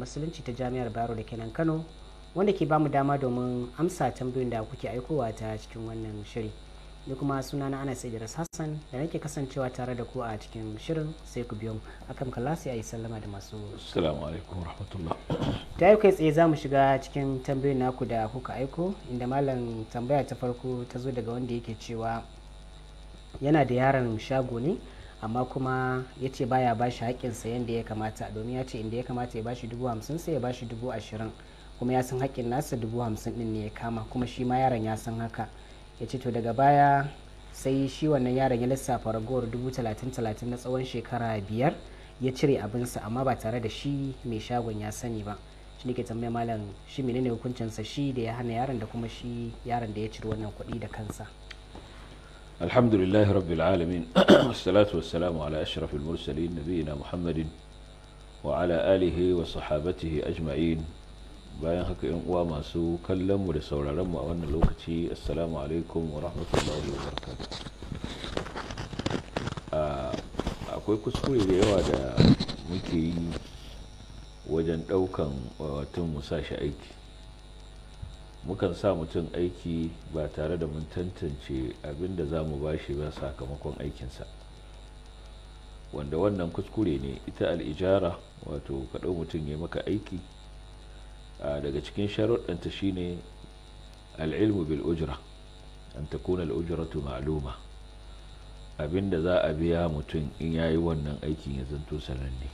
musulunci ta jami'ar baro da kenan kano wanda ke bamu dama domin amsa tambayoyin da kuke aikowa ta cikin wannan shiri ni kuma suna na anas idris hassan da nake kasancewa tare da ku a cikin shirin sai ku biyo akan kalasi a ayi sallama da masu assalamu alaikum ta yi kai tsaye za mu shiga cikin tambayoyin naku da kuka aiko inda malam tambaya ta farko ta zo daga wanda yake cewa yana da yaron shago ne amma kuma ya ce baya ba shi sayan yadda ya kamata domin ya ce inda ya kamata ya ba shi dubu hamsin sai ya ba shi dubu ashirin kuma ya san haƙƙin nasa dubu hamsin ɗin ne ya kama kuma shi ma yaron ya san haka ya ce to daga baya sai shi wannan yaron ya lissafa ragowar dubu talatin talatin na tsawon shekara biyar ya cire abinsa amma ba tare da shi mai shagon ya sani ba shi ne ke tambaya malam shi menene hukuncinsa shi da ya hana yaron da kuma shi yaron da ya cire wannan kuɗi da kansa الحمد لله رب العالمين والصلاة والسلام على أشرف المرسلين نبينا محمد وعلى آله وصحابته أجمعين بيان حكيم وما سو كلم ورسول رم وأن لوكتي السلام عليكم ورحمة الله وبركاته akwai kuskure da yawa da muke yi wajen ɗaukan watan mukan sa mutum aiki ba tare da mun tantance abin da za mu bashi ba sakamakon aikinsa wanda wannan kuskure ne ita al'ijara wato kaɗau mutum ya maka aiki daga cikin sharuɗanta shine al'ilmu bil ujra an takuna al'ujratu ma'luma abin da za a biya mutum in yayi wannan aikin ya zanto sananne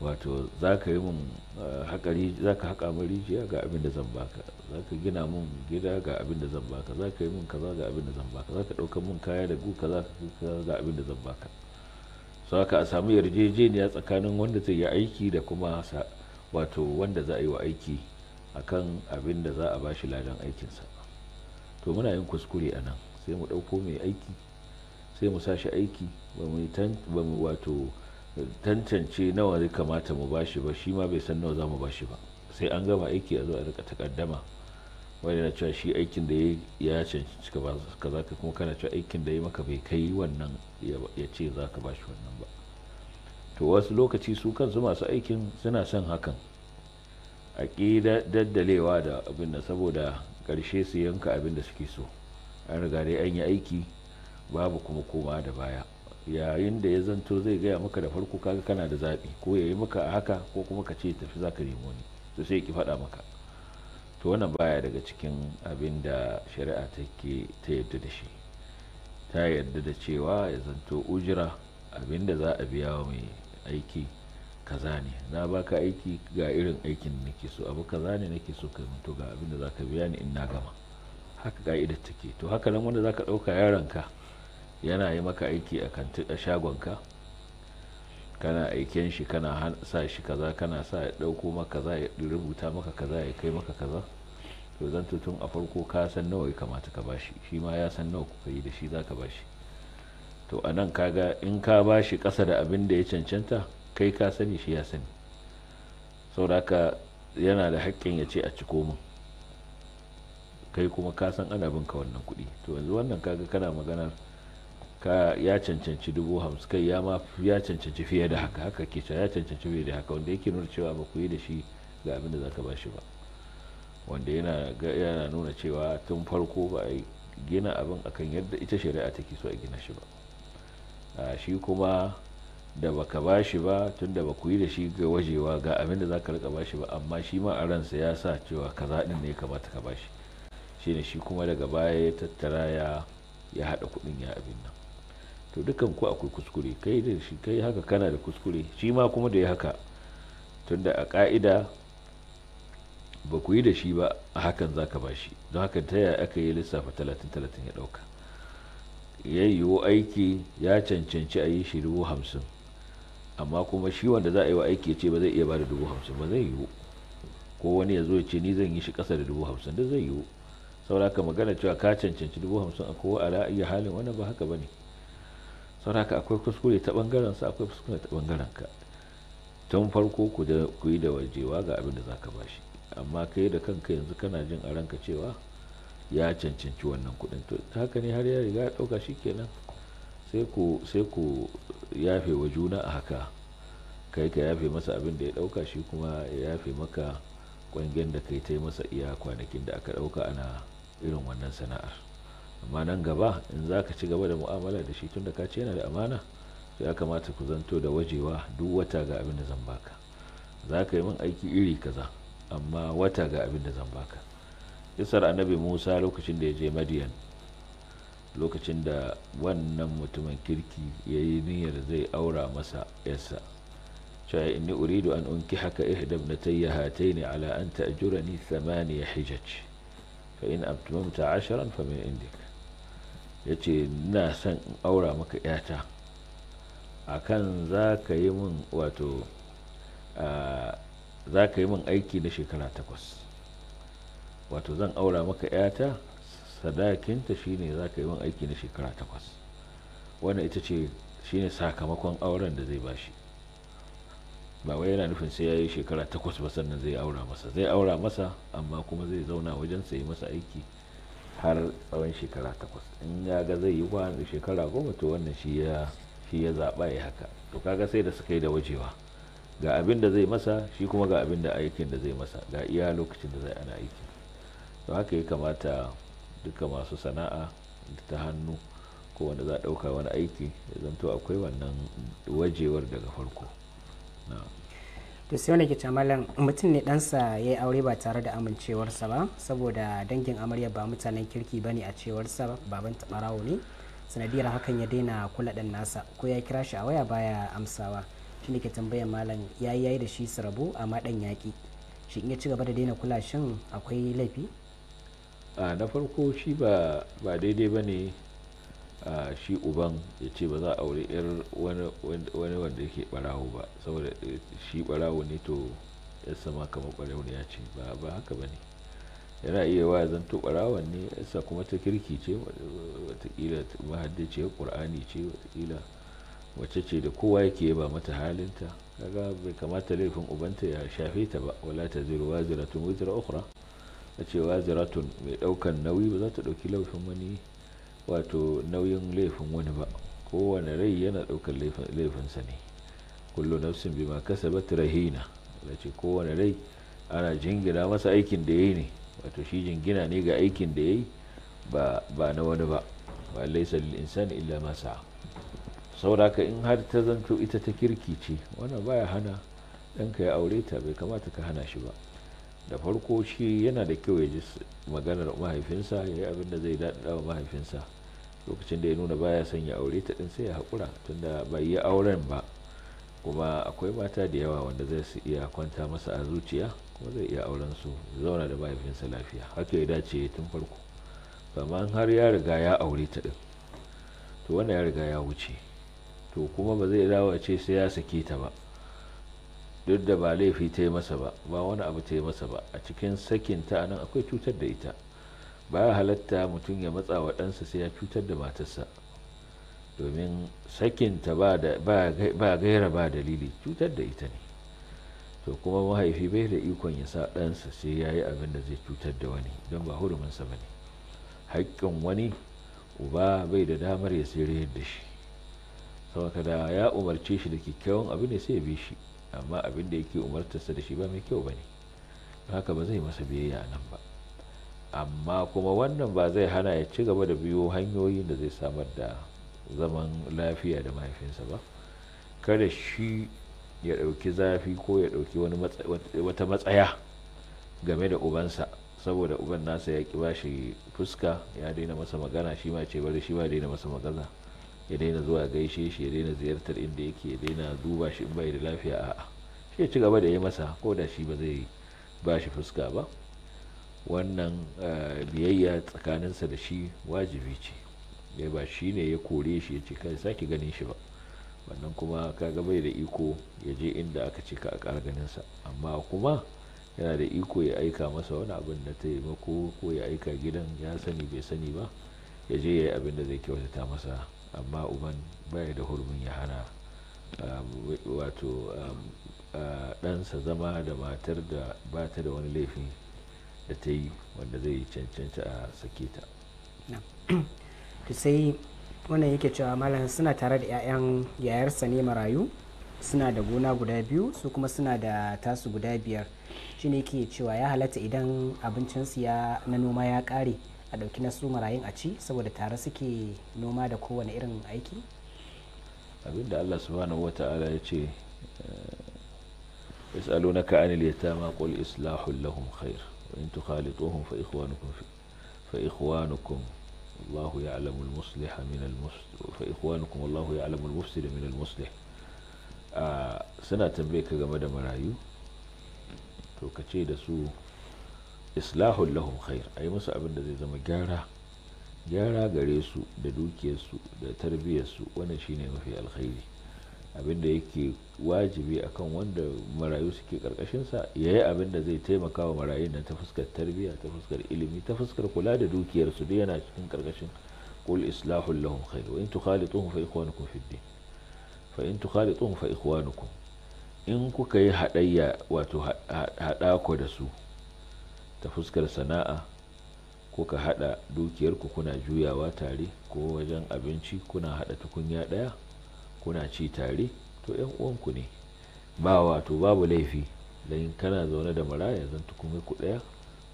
wato za ka yi mun eh, za ka haƙa mun rijiya ga abin da zan baka za ka gina mun gida ga abin da zan baka za ka yi mun kaza ga abin da zan baka za ka ɗaukar mun kaya da ka kaza ga abin da zan baka su haka a samu yarjejeniya tsakanin wanda zai yi aiki da kuma wato wanda za a yi wa aiki akan abin da za a ba shi ladan aikinsa to muna yin kuskure a nan sai mu ɗauko mai aiki sai mu sa shi aiki ba mu wato tantance nawa zai kamata mu bashi ba shi ma bai san nawa za mu bashi ba sai an gama aiki a zo a rika takaddama wani na cewa shi aikin da ya cancanci ka za ka kuma kana cewa aikin da ya maka bai kai wannan ya ce za ka bashi wannan ba to wasu lokaci su kansu masu aikin suna son hakan a ƙi daddalewa da abin da saboda ƙarshe su yanka abin da suke so an riga dai an yi aiki babu kuma koma da baya yayin da ya zanto zai gaya maka da farko kaga kana da zaɓi ko ya yi maka a haka ko kuma ka ce tafi za ka nemo ni to sai ki faɗa maka to wannan baya daga cikin abin da shari'a take ta yarda da shi ta yarda da cewa ya zanto ujira abin da za a biya wa mai aiki kaza ne na baka aiki ga irin aikin da nake so abu kaza ne nake so ka to ga abin da za ka biya ni in na gama haka ka'idar take to haka nan wanda za ka ɗauka ka yana yi maka aiki a shagonka kana aiken shi kana sa shi kaza kana sa ya ɗauko maka kaza ya rubuta maka kaza ya kai maka kaza to zan tun a farko ka san nawa ya kamata ka bashi shi ma ya san nawa kuka yi da shi za ka bashi to a nan kaga in ka bashi ƙasa da abin da ya cancanta kai ka sani shi ya sani saboda yana da haƙƙin ya ce a ciko min kai kuma ka san ana bin ka wannan kuɗi to yanzu wannan kaga kana maganar ka ya cancanci dubu hamsin kai ya ma ya cancanci fiye da haka haka ke ya cancanci fiye da haka wanda yake nuna cewa ba ku yi da shi ga abin da za ka ba shi ba wanda yana nuna cewa tun farko ba a gina abin akan yadda ita shari'a take so a gina shi ba shi kuma da baka ba shi ba tun da ku yi da shi ga wajewa ga abin da zaka rika ba shi ba amma shi ma a ransa ya sa cewa kaza din ne ya kamata ka ba shi ne shi kuma daga baya ya tattara ya ya haɗa kuɗin ya abin nan to dukan ku akwai kuskure kai da shi kai haka kana da kuskure shi ma kuma da ya haka tunda a ka'ida ba ku yi da shi ba a hakan za ka ba shi don haka ta yaya aka yi lissafa talatin talatin ya ɗauka ya yiwu aiki ya cancanci a yi shi dubu hamsin amma kuma shi wanda za a yi wa aiki ya ce ba zai iya ba da dubu hamsin ba zai yiwu ko wani ya zo ya ce ni zan yi shi ƙasa da dubu hamsin da zai yiwu saboda haka magana cewa ka cancanci dubu hamsin a kowa a ra'ayi halin wannan ba haka ba ne sauraka akwai kuskure ta bangaren sa akwai kuskure ta bangaren ka tun farko ku da ku yi da wajewa ga abin da zaka bashi amma kai da kanka yanzu kana jin a ranka cewa ya cancanci wannan kuɗin to haka ne har ya riga ya ɗauka shi kenan sai ku sai ku yafe wa juna a haka kai ka yafe masa abin da ya ɗauka shi kuma ya yafe maka ƙwangen da kai ta yi masa iya kwanakin da aka ɗauka ana irin wannan sana'ar amma nan gaba in za ka ci gaba da mu'amala da shi tun da ka ce yana da amana ya kamata ku zanto da wajewa duk wata ga abin da zan baka za ka yi min aiki iri kaza amma wata ga abin da zan baka kisar annabi musa lokacin da ya je madiyan lokacin da wannan mutumin kirki ya yi niyyar zai aura masa yarsa cewa inni uridu an unki haka ihda ibnatayya hataini ala an ta'jurani thamaniya hijaj fa in abtamamta asharan fa min indik ya ce ina son in aura maka yata akan kan min wato za ka yi min aiki na shekara takwas wato zan aura maka yata sadakinta shine za ka yi min aiki na shekara takwas wannan ita ce shine sakamakon auren da zai ba shi ba wai yana nufin sai ya yi shekara takwas ba sannan zai aura masa zai aura masa amma kuma zai zauna wajen sai masa aiki har tsawon shekara takwas in ya ga zai yi kwa shekara goma to wannan shi ya shi ya zaɓa ya haka to kaga sai da suka yi da wajewa ga abin da zai masa shi kuma ga abin da aikin da zai masa ga iya lokacin da zai ana aiki to haka ya kamata duka masu sana'a ta hannu ko wanda za a ɗauka wani aiki ya zanto akwai wannan wajewar daga farko na'am to sai wani ke malam mutum ne ɗansa ya yi aure ba tare da amincewarsa ba saboda dangin amarya ba mutanen kirki ba ne a cewarsa baban taɓarawo ne sanadiyar hakan ya daina kula ɗan nasa ko ya kira shi a waya baya amsawa shi ne ke tambayar malam ya yi da shi su rabu amma ɗan yaƙi shi in ya ci gaba da daina kula shin akwai laifi a na farko shi ba daidai ba ne shi uban ya ce ba za a aure yar wani wanda yake barawo ba saboda eh, shi barawo ne to ya sama kamar barawo ne ya ce ba haka ba ne yana iya wa to barawon ne yasa kuma ta kirki ce watakila ce qur'ani ce watakila wacce ce da kowa yake ba mata halinta kaga bai kamata laifin ubanta ya shafe ta ba wala ta ziru waziratun wizra ukhra a ce ziratun mai daukan nauyi ba za ta dauki laifin wani wato nauyin laifin wani ba kowane rai yana ɗaukar laifinsa ne kullu nafsin bima kasabat rahina da ce kowane rai ana jingina masa aikin da ya yi ne wato shi jingina ne ga aikin da ya yi ba na wani ba ba laisa insani illa ma sa'a sauraka in har ta zanto ita ta kirki ce wannan baya hana ɗanka ya aure ta bai kamata ka hana shi ba da farko shi yana da kyau ya ji maganar mahaifinsa ya yi abin da zai daɗa wa mahaifinsa lokacin da ya nuna baya son ya aure ta ɗin sai ya haƙura tunda bai yi auren ba kuma akwai mata da yawa wanda zai su iya kwanta masa a zuciya kuma zai iya auren su zauna da mahaifinsa lafiya haka ya dace tun farko amma har ya riga ya aure ta ɗin to wannan ya riga ya wuce to kuma ba zai dawo a ce sai ya sake ta ba duk da ba laifi ta yi masa ba ba wani abu ta yi masa ba a cikin sakin ta nan akwai cutar da ita ba halatta mutum ya matsa wa ɗansa sai ya cutar da matarsa domin sakin ta ba gaira ba dalili cutar da ita ne to kuma mahaifi bai da ikon ya sa ɗansa sai ya yi abin da zai cutar da wani don ba huruminsa ba ne haƙƙin wani uba bai da damar ya tsere da shi saboda ya umarce shi da kyakkyawan abu ne sai ya bi shi amma abin da yake umartarsa da shi ba mai kyau ba ne haka ba zai masa biyayya a nan ba amma kuma wannan ba zai hana ya ci gaba da biyo hanyoyin da zai samar da zaman lafiya da mahaifinsa ba kada shi ya ɗauki zafi ko ya ɗauki wata matsaya game da ubansa saboda uban nasa ya ƙi bashi fuska ya daina masa magana shi ma ce bari shi ma daina masa magana ya daina zuwa gaishe shi ya daina ziyartar inda yake ya daina duba shi in bai da lafiya a'a shi ya ci gaba da ya masa ko da shi ba zai ba shi fuska ba wannan eh, biyayya tsakaninsa da shi wajibi ce ya ba shi ne ya kore shi ya ce kai sake ganin shi ba wannan kuma kaga bai da iko ya je inda aka ce ka a ƙara sa amma kuma yana da iko ya aika masa wani abin da taimako ko ya aika gidan ya sani bai sani ba ya je ya yi abin da zai kyautata masa amma uban bai da hurumin ya hana um, wato um, uh, ɗansa zama da matar da ba ta da wani laifin da ta yi wanda zai cancanta a sake ta sai wannan yake cewa malam suna tare da 'ya'yan yayarsa ne marayu suna da gona guda biyu su kuma suna da tasu guda biyar shine yake cewa ya halatta idan abincinsu ya na noma ya kare a ɗauki na su marayun a ci saboda tare suke noma da kowane irin aiki abinda allah subhanahu wata'ala ya ce eh, yas'alunaka anil yatama qul islahul lahum khair wa in tukhalituhum fa ikhwanukum fa ikhwanukum الله يعلم المصلح من المصلح فإخوانكم والله يعلم المفسد من المصلح آه سنة تنبيك game da marayu to kace da su islahun lahum khair a yi musu abin da zai zama gyara gyara gare su da dukiyarsu da tarbiyyarsu wannan shine mafi alkhairi abin da yake wajibi akan wanda marayu suke karkashinsa ya yi abin da zai taimaka wa marayun nan ta fuskar tarbiyya ta fuskar ilimi ta fuskar kula da dukiyarsu duk yana cikin karkashin kul islahun lahum khair wa in tukhalituhum fa ikhwanukum fid fa in tukhalituhum fa ikhwanukum in kuka yi hadayya wato hada da su ta fuskar sana'a ko ka haɗa dukiyarku kuna juyawa tare ko wajen abinci kuna haɗa tukunya ɗaya kuna ci tare to yan uwanku ne ba wato babu laifi dan kana zaune da maraya zan tukunya ku ɗaya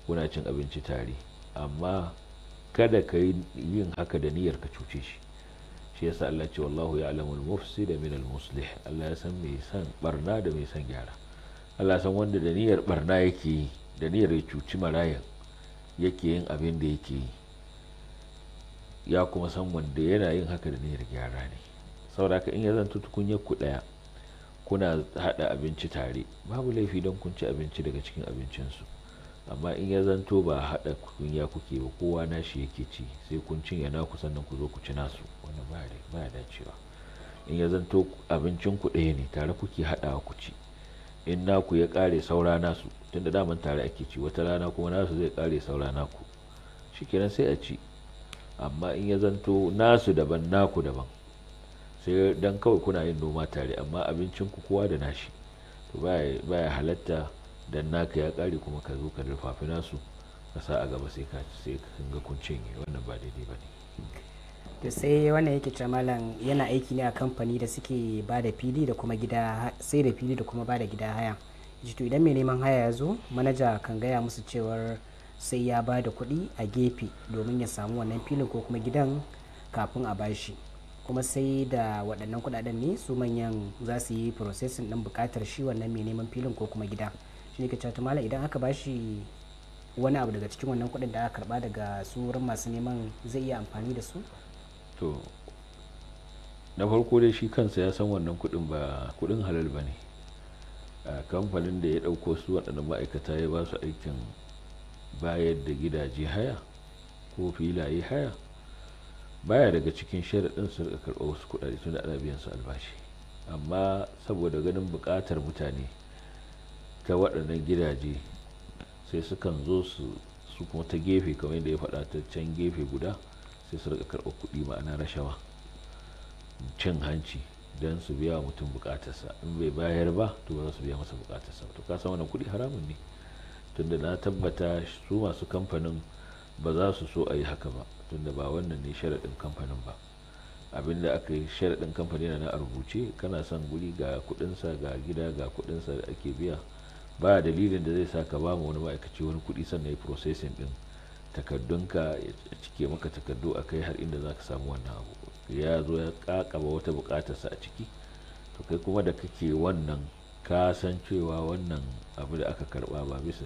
kuna cin abinci tare amma kada ka yi yin haka da niyyar ka cuce shi shi yasa Allah ce wallahu ya'lamu al-mufsid min al-muslih Allah ya san mai san barna da mai san gyara Allah san wanda da niyyar barna yake yi da niyyar ya cuci marayan yake yin abin da yake yi ya kuma san wanda yana yin haka da niyyar gyara ne saboda in ya zanta tukunyar ku ɗaya kuna haɗa abinci tare babu laifi don kun ci abinci daga cikin abincinsu amma in ya zanto ba haɗa tukunya kuke ba kowa nashi yake ci sai kun cinye naku sannan ku zo ku ci nasu wannan ba ya dacewa in ya zanto abincin ku ɗaya ne tare kuke haɗawa ku ci in naku ya kare saura nasu tun da daman tare ake ci wata rana kuma nasu zai kare saura naku shikenan sai a ci amma in ya zanto nasu daban naku daban sai dan kawai kuna yin noma tare amma abincin ku kowa da nashi to baya halatta dan naka ya kare kuma ka zo ka rufafi nasu ka sa a gaba sai ka sai ka kun cinye wannan ba daidai ba ne to sai wannan yake ce malam yana aiki ne a kamfani da suke ba da fili da kuma gida sai da fili da kuma ba da gida haya jito idan mai neman haya ya zo manaja kan gaya musu cewar sai ya ba da kuɗi a gefe domin ya samu wannan filin ko kuma gidan kafin a bashi kuma sai da waɗannan kuɗaɗen ne su manyan za su yi processing ɗin buƙatar shi wannan mai neman filin ko kuma gida shi ne ke cewa idan aka bashi wani abu daga cikin wannan kuɗin da aka karɓa daga su wurin masu neman zai iya amfani da su to na farko dai shi kansa ya san wannan kudin ba kudin halal ba ne kamfanin da ya ɗauko su waɗannan ma'aikata ya ba su aikin bayar da gidaje haya ko filaye haya baya daga cikin sharaɗin su rika karɓar wasu kuɗaɗe tun da ana biyan su albashi amma saboda ganin buƙatar mutane ta waɗannan gidaje sai sukan zo su kuma ta gefe kamar yadda ya faɗa ta can gefe guda sai su rika karɓar kuɗi ma'ana rashawa cin hanci don su biya mutum bukatarsa in bai bayar ba to ba za su biya masa bukatarsa to ka san wannan kuɗi haramun ne tunda na tabbata su masu kamfanin ba za su so a yi haka ba tunda ba wannan ne sharaɗin kamfanin ba abinda aka yi sharaɗin kamfanin na a rubuce kana son guri ga kuɗinsa ga gida ga kuɗinsa da ake biya ba dalilin da zai sa ka ba mu wani ma'aikaci wani kuɗi sannan ya yi processing ɗin takardunka ya cike maka takardu a kai har inda za ka samu wannan abu ya zo ya kakaba wata bukatarsa a ciki to kai kuma da kake wannan ka cewa wannan abu da aka karba ba bisa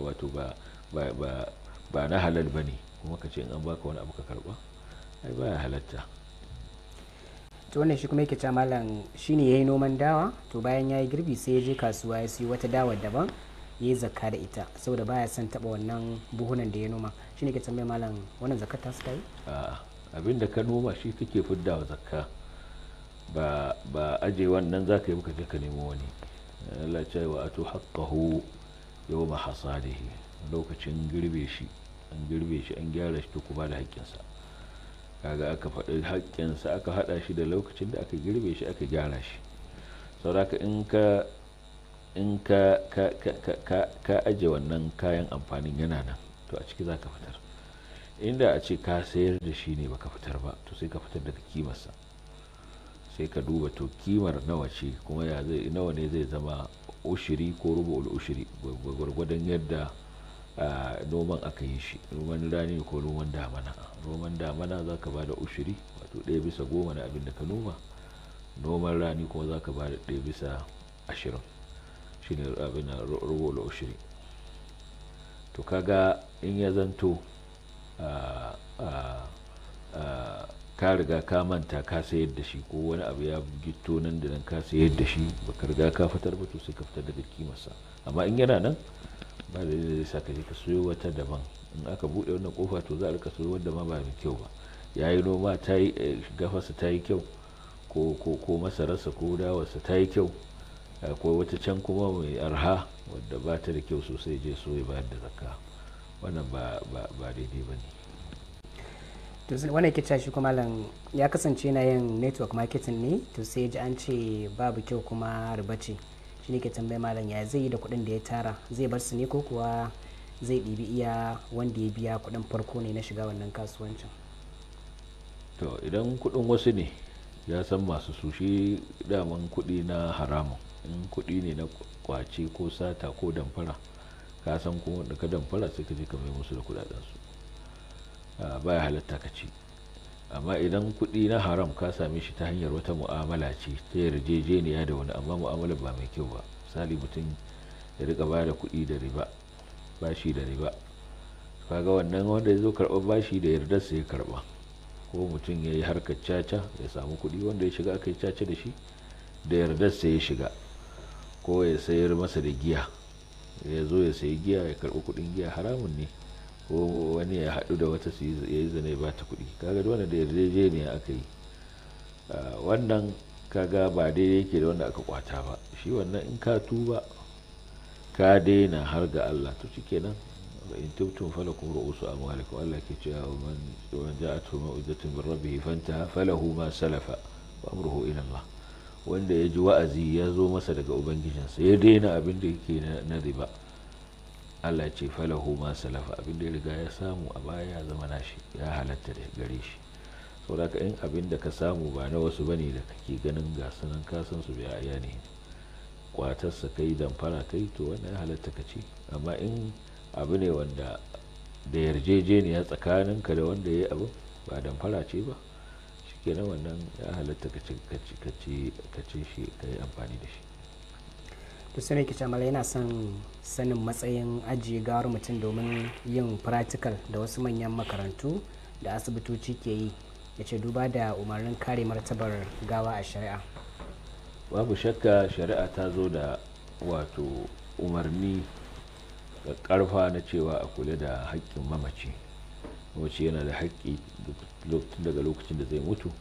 wato ba na halal ba ne kuma ka ce in an baka wani abu ka karba ai baya halatta to wannan shi kuma yake ce malam shine yayi noman dawa to bayan ya yi girbi sai ya je kasuwa ya siyo wata dawa daban ya yi zakka da ita saboda baya son taba wannan buhunan da ya noma shi ne ke tambayi malam wannan zakka ta su yi abin da ka noma shi kake fidda wa zakka ba ba aje wannan za ka yi muka je ka nemo wani Allah ce wa ato haqqahu yawma hasadihi lokacin girbe shi an girbe shi an gyara shi to ku da haƙƙinsa kaga aka faɗi haƙƙinsa aka haɗa shi da lokacin da aka girbe shi aka gyara shi sauraka in ka in ka ka ka ka ka aje wannan kayan amfanin yana nan to a ciki za ka fitar inda a ce ka sayar da shi ne baka fitar ba to sai ka fitar daga kimarsa sai ka duba to kimar nawa ce kuma ya zai nawa ne zai zama ushiri ko rubu'ul ushiri gwargwadon yadda noman aka yi shi noman rani ko noman damana noman damana za ka ba da ushiri wato ɗaya bisa goma na abin da ka noma noman rani kuma za ka ba da ɗaya bisa ashirin shine abin rubuta ushiri to kaga in ya zanto ka riga ka manta ka sayar da shi ko wani abu ya gito nan da nan ka sayar da shi baka riga ka fitar ba to sai ka fitar daga kimarsa amma in yana nan ba da zai sa ka je ka soyo wata daban in aka buɗe wannan kofa to za a rika soyo wanda ma ba mai kyau ba yayi noma ta yi eh, gafarsa ta yi kyau ko masararsa ko dawarsa ta yi kyau akwai wata can kuma mai arha wadda ba ta da kyau sosai je so ya bayar da zakka wannan ba daidai ba ne to sai wani ke shi kuma lan ya kasance na yin network marketing ne to sai ji an ce babu kyau kuma rubace ce shi ne ke tambayi malam ya zai yi da kuɗin da ya tara zai bar su ne ko kuwa zai ɗibi iya wanda ya biya kuɗin farko ne na shiga wannan kasuwancin to idan kuɗin wasu ne ya san masu su daman kuɗi na haramun in kuɗi ne na kwace ko sata ko damfara ka san kuma da ka damfara sai ka je ka mai musu da kuɗaɗen su ba ya halatta ka ci amma idan kuɗi na haram ka same shi ta hanyar wata mu'amala ce ta yarjejeniya da wani amma mu'amala ba mai kyau ba misali mutum ya rika ba da kuɗi da riba bashi da riba kaga wannan wanda ya zo ba bashi da yardar sa ya karɓa ko mutum ya yi harkar caca ya samu kuɗi wanda ya shiga aka yi caca da shi da yardar sa ya shiga ko ya sayar masa da giya ya zo ya sayi giya ya karɓi kuɗin giya haramun ne ko wani ya haɗu da wata su yi zane ba ta kuɗi kaga wani da yarjejeniya aka yi wannan kaga ba daidai yake da wanda aka kwata ba shi wannan in ka tuba ka daina har ga Allah to kenan in tubtum falakum ru'usu amwalikum Allah ke cewa man man ja'atuhu mau'izatun min rabbih falahu ma salafa wa amruhu ila Allah wanda ya ji wa'azi ya zo masa daga ubangijinsa ya daina abin da yake na riba Allah ce falahu ma salafa abin da ya riga ya samu a baya ya zama nashi ya halatta da gare shi saboda in abin da ka samu ba na wasu bane da kake ganin ga kasansu ka san su biya aya ne kwatarsa kai damfara kai to wanda ya halatta ka ce amma in abu ne wanda da yarjejeniya tsakaninka da wanda ya yi abu ba damfara ce ba shi kenan wannan ya halatta ka ce shi ka yi amfani da shi to sai ke yana son sanin matsayin ajiye gawar mutum domin yin practical da wasu manyan makarantu da asibitoci ke yi ya ce duba da umarnin kare martabar gawa a shari'a babu shakka shari'a ta zo da wato umarni ga karfa na cewa a kula da haƙƙin mamaci mace yana da haƙƙi daga lokacin da zai mutu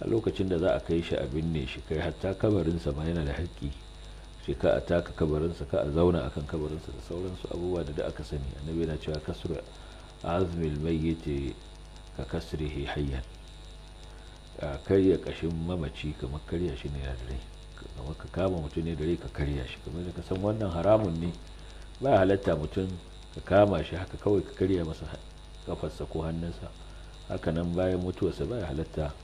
a lokacin da za a kai shi a binne shi kai hatta kabarinsa ma yana da haƙƙi shi ka a taka kabarinsa ka a zauna akan kabarinsa da sauransu abubuwa da da aka sani annabi yana cewa kasra azmil mayyiti ka kasrihi hayyan a karya kashin mamaci kamar karya shi ne da rai kamar ka kama mutum ne da rai ka karya shi kamar da ka san wannan haramun ne ba halatta mutum ka kama shi haka kawai ka karya masa kafarsa ko hannunsa hakanan bayan mutuwarsa baya halatta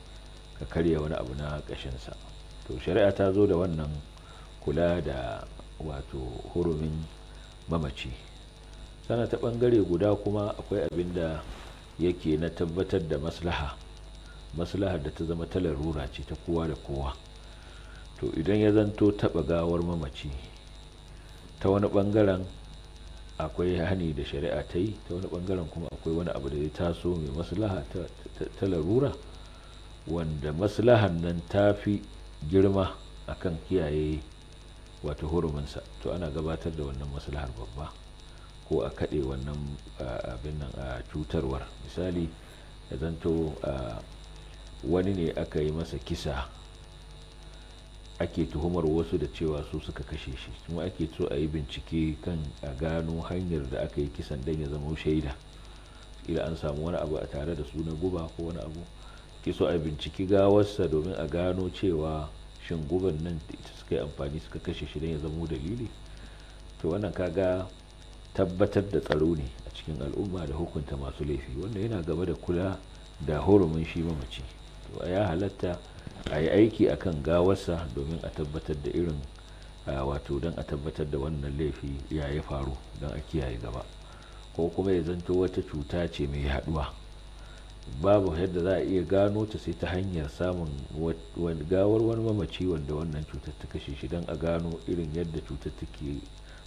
ka karya wani abu na ƙashinsa to shari'a ta zo da wannan kula da wato hurumin mamaci sana ta ɓangare guda kuma akwai abin da yake na tabbatar da maslaha maslahar da ta zama ta larura ce ta kowa da kowa to idan ya zanto taɓa gawar mamaci ta wani ɓangaren akwai hani da shari'a ta yi ta wani bangaren kuma akwai wani abu da ya taso mai maslaha ta larura wanda maslahan nan ta fi girma akan kiyaye wata huruminsa to ana gabatar da wannan maslahar babba ko a kaɗe wannan abin nan a cutarwar misali ya zanto wani ne aka yi masa kisa ake tuhumar wasu da cewa su suka kashe shi kuma ake so a yi bincike kan a gano hanyar da aka yi kisan don ya zama shaida ila an samu wani abu a tare da su na guba ko wani abu ke so a ga gawarsa domin a gano cewa shin guban nan ita suka yi amfani suka kashe shi don ya zama dalili to wannan kaga tabbatar da tsaro ne a cikin al'umma da hukunta masu laifi wanda yana gaba da kula da hurumin shi mamaci to ya halatta a yi aiki a kan gawarsa domin a tabbatar da irin wato don a tabbatar da wannan laifi ya ya faru don a kiyaye gaba ko kuma ya zanto wata cuta ce mai haduwa babu yadda za a iya gano ta sai ta hanyar samun gawar wani mamaci wanda wannan cutar ta kashe shi don a gano irin yadda cutar take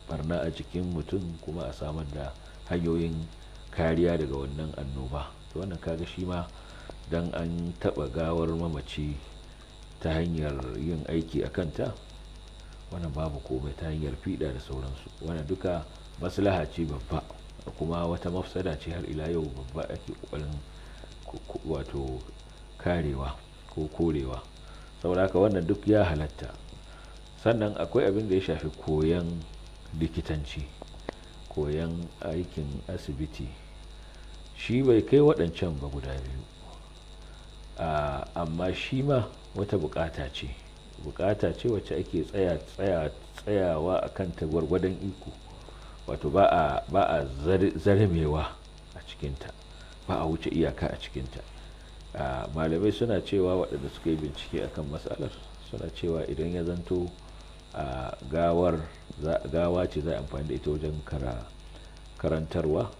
barna a jikin mutum kuma a samar da hanyoyin kariya daga wannan annoba wannan kaga shi ma don an taɓa gawar mamaci ta hanyar yin aiki a kanta wannan babu komai ta hanyar fiɗa da sauransu wannan duka maslaha ce babba kuma wata mafsada ce har ila yau babba ake ƙoƙarin wato karewa ko korewa saboda wannan duk ya halatta sannan akwai abin da ya shafi koyan likitanci koyan aikin asibiti shi bai kai waɗancan ba guda biyu amma shi ma wata bukata ce bukata ce wacce ake tsayawa a kan gwargwadon iko wato ba a ba a cikinta ba a wuce iyaka a cikinta malamai suna cewa waɗanda suka yi bincike akan matsalar suna cewa idan ya zanto gawa ce za a amfani da ita wajen karantarwa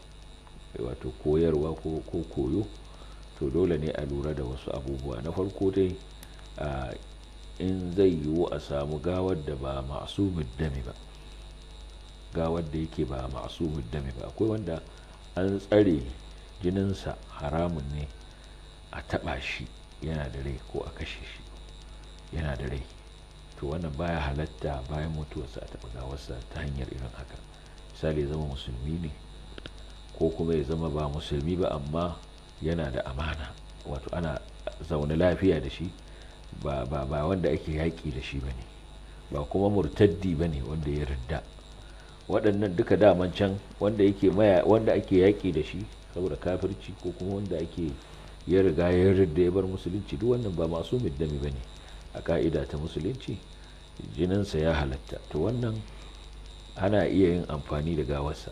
wato koyarwa ko koyo to dole ne a lura da wasu abubuwa na farko dai in zai yiwu a samu gawar da ba masu dami ba gawar da yake ba masu dami ba akwai wanda an tsare jininsa haramun ne a taɓa shi yana da rai ko a kashe shi yana da rai to wannan baya halatta bayan mutuwarsa a taba gawarsa ta hanyar irin haka misali ya zama musulmi ne ko kuma ya zama ba musulmi ba amma yana da amana wato ana zaune lafiya da shi ba wanda ake yaƙi da shi ba ne ba kuma murtaddi ne wanda ya rinda waɗannan duka daman can wanda ake yaƙi da shi saboda kafirci ko kuma wanda ake ya riga ya rinda ya bar musulunci duk wannan ba masu middami ne a ka'ida ta musulunci jininsa ya halatta to wannan ana iya yin amfani da gawarsa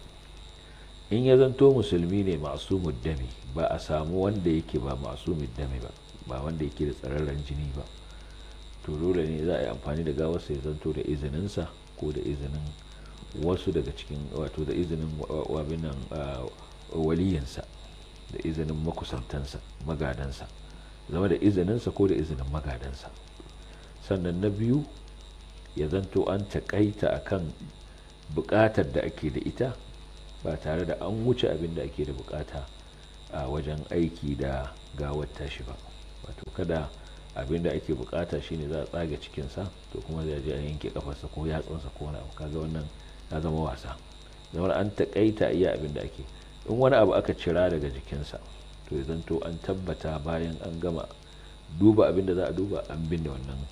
in ya zanto musulmi ne masu muddami ba a samu wanda yake ba masu muddami ba ba wanda yake da tsararren jini ba to dole ne za a yi amfani da gawarsa ya zanto da izininsa ko da izinin wasu daga cikin wato da izinin wabinan waliyansa da izinin makusantansa magadansa zama da izininsa ko da izinin magadansa sannan na biyu ya zanto an taƙaita akan buƙatar da ake da ita ba tare da an wuce abin da ake da bukata a wajen aiki da gawar tashi ba wato kada abin da ake bukata shine za a tsage cikinsa to kuma zai je a yanke kafarsa ko yatsunsa ko wani abu kaga wannan ya zama wasa zamar an takaita iya abin da ake in wani abu aka cira daga jikinsa to ya zanto an tabbata bayan an gama duba abin da za a duba an binne wannan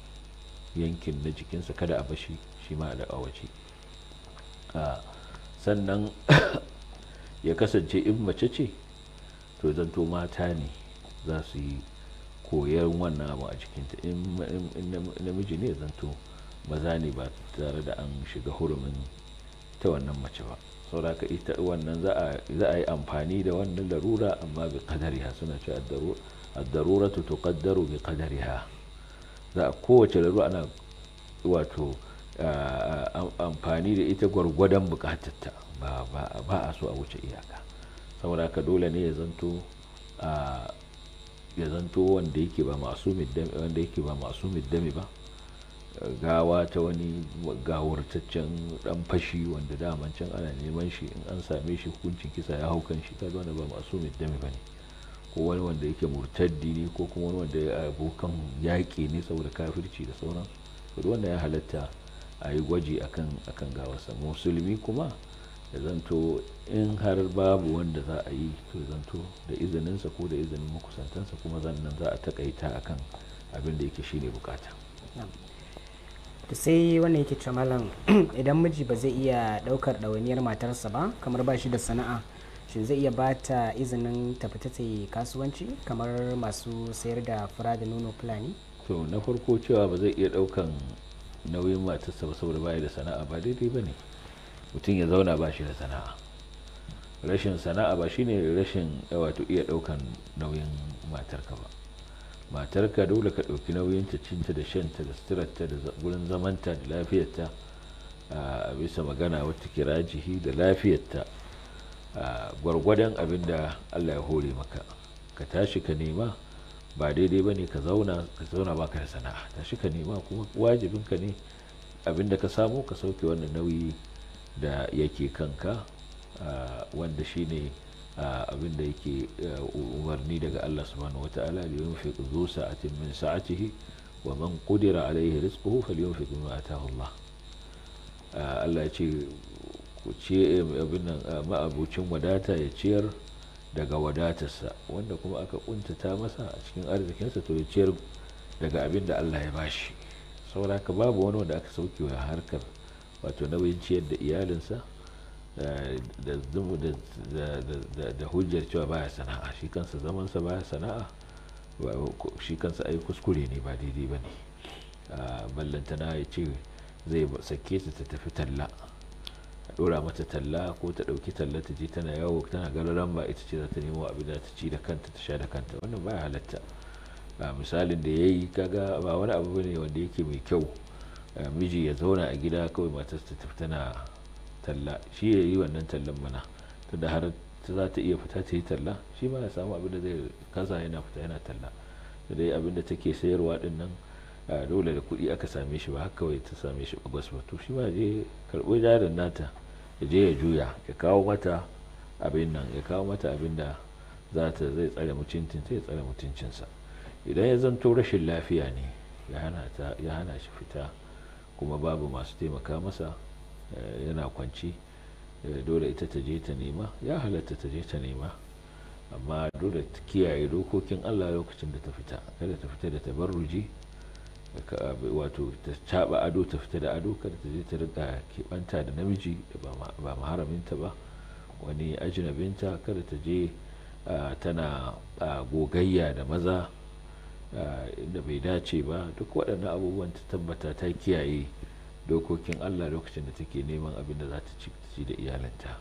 yankin na jikinsa kada a bashi shi ma da awaci ah, sannan ya kasance in mace ce to zanto mata ne za su yi koyar wannan abu a cikinta in namiji ne zanto maza ne ba tare da an shiga hurumin ta wannan mace ba sauraka ita wannan za a yi amfani da wannan larura amma bi ha suna ce addarura tu tuqaddaru bi kadariha za a kowace larura ana wato amfani da ita gwargwadon bukatarta ba a so a wuce iyaka saboda haka dole ne ya zanto ya wanda yake ba masu wanda yake ba middami ba gawa ta wani gawurtaccen dan fashi wanda daman can ana neman shi in an same shi hukuncin kisa ya hau kan shi kaga wanda ba masu middami ba ne ko wani wanda yake murtaddi ne ko kuma wani wanda ya abokan yaƙi ne saboda kafirci da sauran wanda ya halatta a yi gwaji akan akan gawarsa musulmi kuma da zanto in har babu wanda za a yi to zanto da izininsa ko da izinin makusantansa kuma zannan za a takaita akan abin da yake shine bukata to sai wannan yake ce malam idan miji ba zai iya daukar ɗawainiyar matarsa ba kamar ba shi da sana'a shin zai iya ba ta izinin ta ta yi kasuwanci kamar masu sayar da fura da nono fulani to na farko cewa ba zai iya daukan nauyin matarsa saboda baya da sana'a ba daidai ba ne mutum ya zauna ba shi da sana'a rashin sana'a ba shine rashin eh, wato iya ɗaukan nauyin matarka ba matarka dole ka ɗauki nauyin ta cinta da shanta da suturarta da gurin zamanta da lafiyarta a bisa magana wata kira jihi da lafiyarta gwargwadon abin da allah ya hore maka ka tashi ka nema ba daidai ba ne ka zauna ka zauna baka da sana'a tashi ka nema kuma wajibinka ne abinda ka samu ka sauke wannan nauyi da yake kanka wanda shine abinda yake umarni daga Allah subhanahu ala li fi zo sa'atin min sa'atihi wa man qudira alayhi rizquhu falyunfiq mimma ataahu Allah Allah ya ce ku ce eh, abin nan ma'abucin wadata ya ciyar daga wadatarsa wanda kuma aka kuntata masa a cikin arzikinsa to ya ciyar daga abin da Allah ya bashi saboda haka babu wani wanda aka sauke wa harkar wato nauyin ciyar da iyalinsa eh, da hujjar cewa baya sana'a shi kansa zamansa baya sana'a shi kansa ai kuskure ne ba daidai ba ne ah, ballantana ya ce zai sake ta tafi talla a dora mata talla ko ta dauki talla ta je tana yawo tana gararan ba ita ce za ta nemo abin da ta ci da kanta ta sha da kanta wannan baya halatta a misalin da ya yi kaga ba wani abu ne wanda yake mai kyau eh, miji ya zauna a gida kawai matar ta tafi tana talla shi ya yi wannan tallan mana da har za ta iya fita ta yi talla shi ma ya samu abin da zai kasa yana fita yana talla da dai abin da take sayarwa din dole da kuɗi aka same shi ba haka kawai ta same shi ba to shi ma je karɓo jarin nata ya je ya juya ya kawo mata abin nan ya kawo mata abin da za ta zai tsare mutuncin sai tsare mutuncinsa idan ya zanto rashin lafiya ne ya hana shi fita kuma babu masu taimaka masa eh, yana kwanci eh, dole ita ta je ta nema ya halatta ta je ta nema amma dole ta kiyaye dokokin allah lokacin da ta fita kada ta fita da ta tabarruji wato ta caɓa ado ta fita da ado kada ta je ta rika keɓanta da namiji ba maharaminta ba wani ajinabinta kada ta je tana gogayya da maza da bai dace ba duk waɗannan abubuwan ta tabbata ta kiyaye dokokin allah lokacin da take neman abin da za ta ci da iyalanta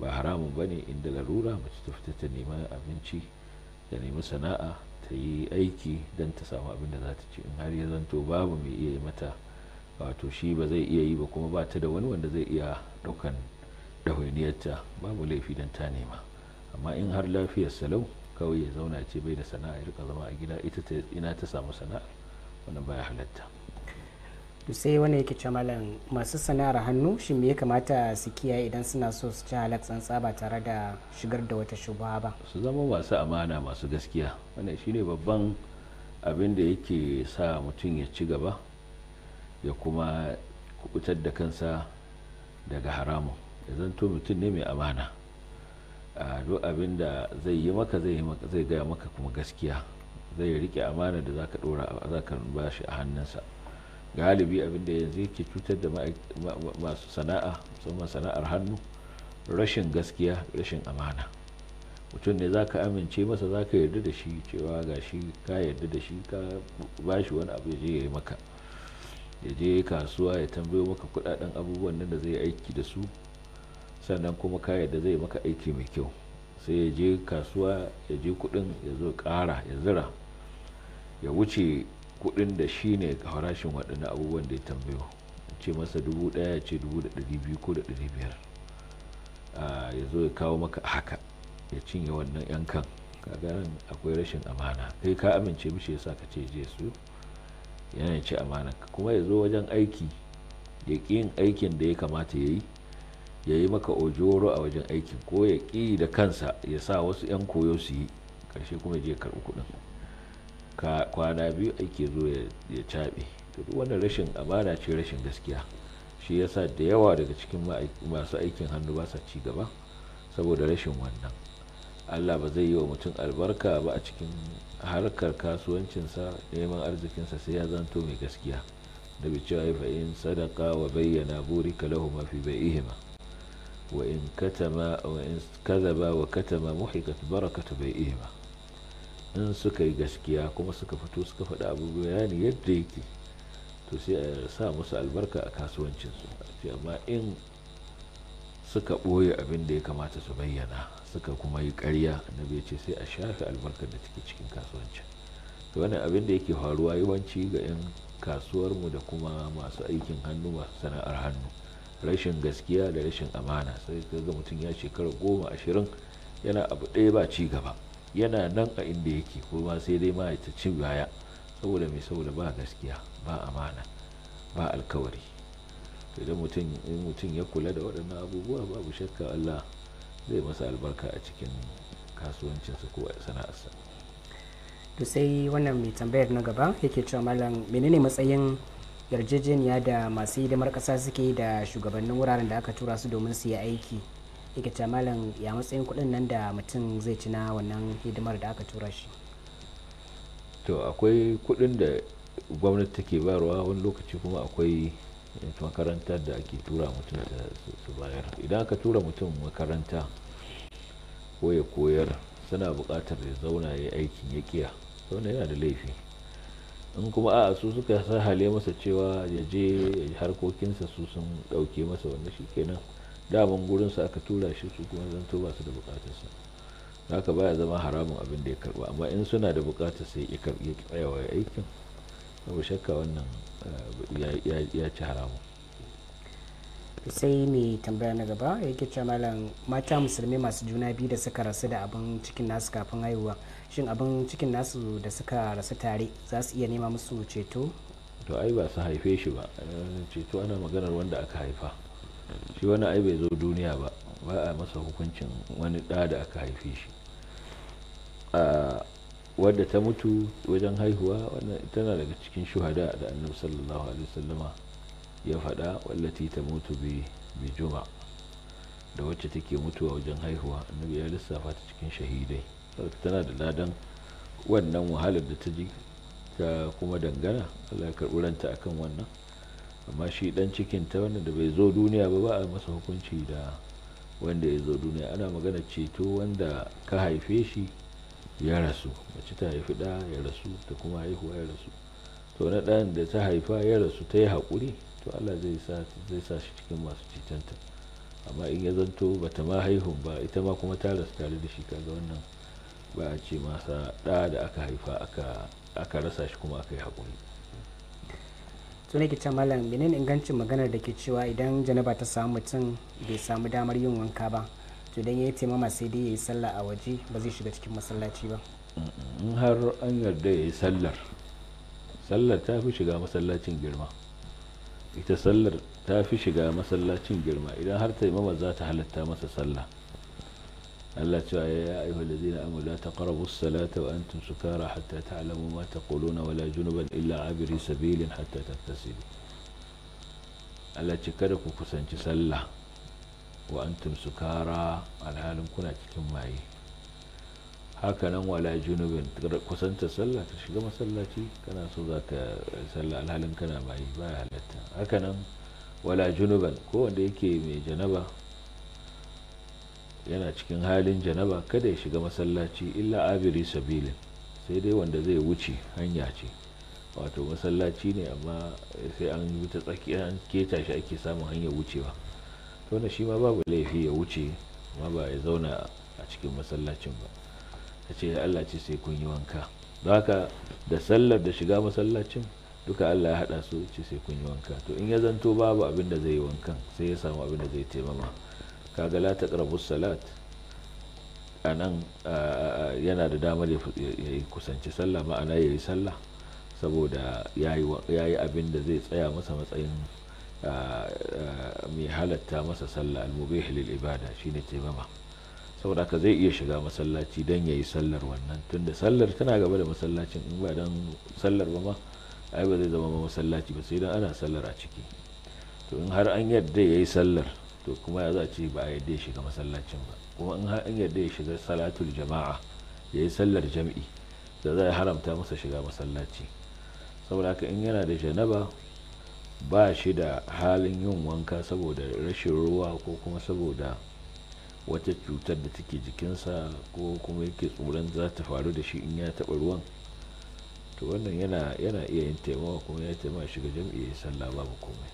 ba haramun ba ne inda larura mace ta fita ta nema abinci ta nemi sana'a ta yi aiki don ta samu abin da za ta ci in har ya zanto babu mai iya yi mata wato shi ba zai iya yi ba kuma ba ta da wani wanda zai iya ɗaukan ɗawainiyarta babu laifi don ta nema amma in har lafiyar salau kawai ya zauna ce bai da sana'a ya rika zama a gida ita ina ta samu sana'a wannan baya halatta to sai wani yake ce malam masu sana'ar hannu shi me ya kamata su kiyaye idan suna so su ci halak tsantsa ba tare da shigar da wata shubha ba su zama masu amana masu gaskiya wannan shine babban abin da yake sa mutum ya ci gaba ya kuma kubutar da kansa daga haramun ya zanto mutum ne mai amana a duk abin da zai yi maka zai gaya maka kuma gaskiya zai rike amana da zaka ka zaka bashi a hannunsa galibi abinda yanzu yake cutar da masu sana'a musamman sana'ar hannu rashin gaskiya rashin amana mutum ne za ka amince masa za ka yarda da shi cewa ga shi ka yarda da shi ka ba shi wani abu je ya yi maka ya je kasuwa ya tambayo maka kudaden abubuwan nan da zai aiki da su sannan kuma ka yarda zai maka aiki mai kyau sai ya je kasuwa ya je kudin ya zo kara ya zira ya wuce kudin da shi ne farashin waɗannan abubuwan da ya tambayo ce masa dubu ɗaya ce dubu da ɗari biyu ko da ɗari biyar ya zo ya kawo maka haka ya cinye wannan yankan nan akwai rashin amana kai ka amince mishi ya sa ka ce je su yana ci amana kuma ya zo wajen aiki ya ƙi yin aikin da ya kamata ya yi ya yi maka ojoro a wajen aikin ko ya ƙi da kansa ya sa wasu 'yan koyo su yi ƙarshe kuma ya je karɓi kuɗin kwana biyu ake zo ya caɓe duk wannan rashin amana ce rashin gaskiya shi yasa da yawa daga cikin masu aikin hannu ba sa ci gaba saboda rashin wannan allah ba zai yi wa mutum albarka ba a cikin harkar kasuwancinsa neman arzikinsa sai ya zanto mai gaskiya da bi cewa fa in sadaka wa bayyana buri lahu ma fi bai'ihima wa in wa in kadhaba wa katama muhikat barakatu ba. in suka yi gaskiya kuma suka fito suka faɗi abu bayani yadda yake to sai a sa musu albarka a kasuwancinsu amma in suka ɓoye abin da ya kamata su bayyana suka kuma yi karya na ya ce sai a shafe albarka da take cikin kasuwancin to wannan abin da yake faruwa yawanci ga 'yan kasuwar mu da kuma masu aikin hannu masu sana'ar hannu rashin gaskiya da rashin amana sai ga mutum ya shekara goma ashirin yana abu ɗaya ba ci gaba yana nan a inda yake ko ba sai dai ma'aikacin baya saboda mai saboda ba gaskiya ba amana ba alkawari idan mutum ya kula da waɗannan abubuwa babu shakka Allah zai masa albarka a cikin kasuwancinsa ko sana'arsa to sai wannan mai tambayar na gaba yake cewa malam menene matsayin yarjejeniya da masu hidimar ƙasa suke da shugabannin wuraren da aka tura su domin su yi aiki yake ce malam ya matsayin kuɗin nan da mutum zai ci na wannan hidimar da aka tura shi to akwai kuɗin da gwamnati take bayarwa wani lokaci kuma akwai makaranta da ake tura mutum su bayar idan aka tura mutum makaranta ko ya koyar suna buƙatar ya zauna ya aikin ya kiya zauna yana da laifi in kuma a su suka sa hale masa cewa ya je harkokinsa su sun ɗauke masa wanda shi kenan daman gurinsa aka tura shi su kuma zanto ba su da bukatarsa haka baya zama haramun abin da ya karba amma in suna da bukatar sai ya karbi tsayawa aikin abu shakka wannan eh, ya ci haramun sai mai tambaya na gaba ya ke cewa malam mata musulmi masu juna biyu da suka rasu da abin cikin nasu kafin haihuwa shin abin cikin nasu da suka rasu tare za su iya nema musu ceto to ai ba su haife shi ba eh, ceto ana maganar wanda aka haifa shi wani ai bai zo duniya ba ba a masa hukuncin wani ɗa da aka haife shi wadda ta mutu wajen haihuwa tana daga cikin shuhada da annabi sallallahu alaihi wasallama ya faɗa wallati ta mutu bi juma da wacce take mutuwa wajen haihuwa annabi ya lissafa ta cikin shahidai tana da ladan wannan wahalar da ta ji ta kuma dangana allah ya karɓi ranta akan wannan amma shi dan cikin ta wanda da bai zo duniya ba ba a masa hukunci da wanda ya zo duniya ana magana ceto wanda ka haife shi ya rasu mace ta haifi da ya rasu ta kuma haihuwa ya rasu to na ɗan da ta haifa ya rasu ta yi haƙuri to allah zai sa shi cikin masu cetanta amma in ya zanto bata ma haihu ba ita ma kuma ta rasu tare da shi kaga wannan ba a ce masa ɗa da aka haifa aka rasa shi kuma aka yi haƙuri su ne ke malam menene ingancin maganar da ke cewa idan janaba ta samu mutum bai samu damar yin wanka ba to dan yayi yi taimama sai dai ya yi sallah a waje ba zai shiga cikin masallaci ba in har an yarda ya yi sallar sallar ta fi shiga masallacin girma ita sallar ta fi shiga masallacin girma idan har taimama za ta halatta masa sallah Allah cewa ya ayyuhal ladzina amanu la taqrabus salata wa antum sukara hatta ta'lamu ma taquluna wala junuban illa abiri sabilin hatta tattasilu Allah ce kada ku kusanci sallah wa sukara alhalin kuna cikin maye hakanan wala junubin kusanta sallah ka shiga masallaci kana so za ka sallah alhalin kana maye ba halatta hakanan wala junuban ko wanda yake mai janaba yana cikin halin janaba kada ya shiga masallaci illa abiri sabilin sai dai wanda zai wuce hanya ce wato masallaci ne amma sai an yi ta tsakiyar an keta shi ake samun hanyar wucewa to na shi ma babu laifi ya wuce amma ba ya zauna a cikin masallacin ba ta ce allah ce sai kun yi wanka don haka da sallar da shiga masallacin duka allah ya hada su ce sai kun yi wanka to in ya zanto babu abin da zai yi wankan sai ya samu abin da zai taimama kaga la taqrabu salat anan yana da damar ya yi kusanci sallah ma'ana ya yi sallah saboda ya yi abin da zai tsaya masa matsayin mai halatta masa sallah almubih halil ibada shi ne taimama saboda ka zai iya shiga masallaci don ya yi sallar wannan tunda sallar tana gaba da masallacin in ba don sallar ba ma ai ba zai zama masallaci ba sai dan ana sallar a ciki to in har an yadda ya yi sallar to kuma ya za ce ba a yadda ya shiga masallacin ba kuma in har in yadda ya shiga salatul jama'a ya yi sallar jam'i da za a haramta masa shiga masallaci saboda haka in yana da janaba ba shi da halin yin wanka saboda rashin ruwa ko kuma saboda wata cutar da take jikinsa ko kuma yake tsoron za ta faru da shi in ya taɓa ruwan to wannan yana iya yin taimawa kuma ya taimawa shiga jam'i ya yi sallah babu komai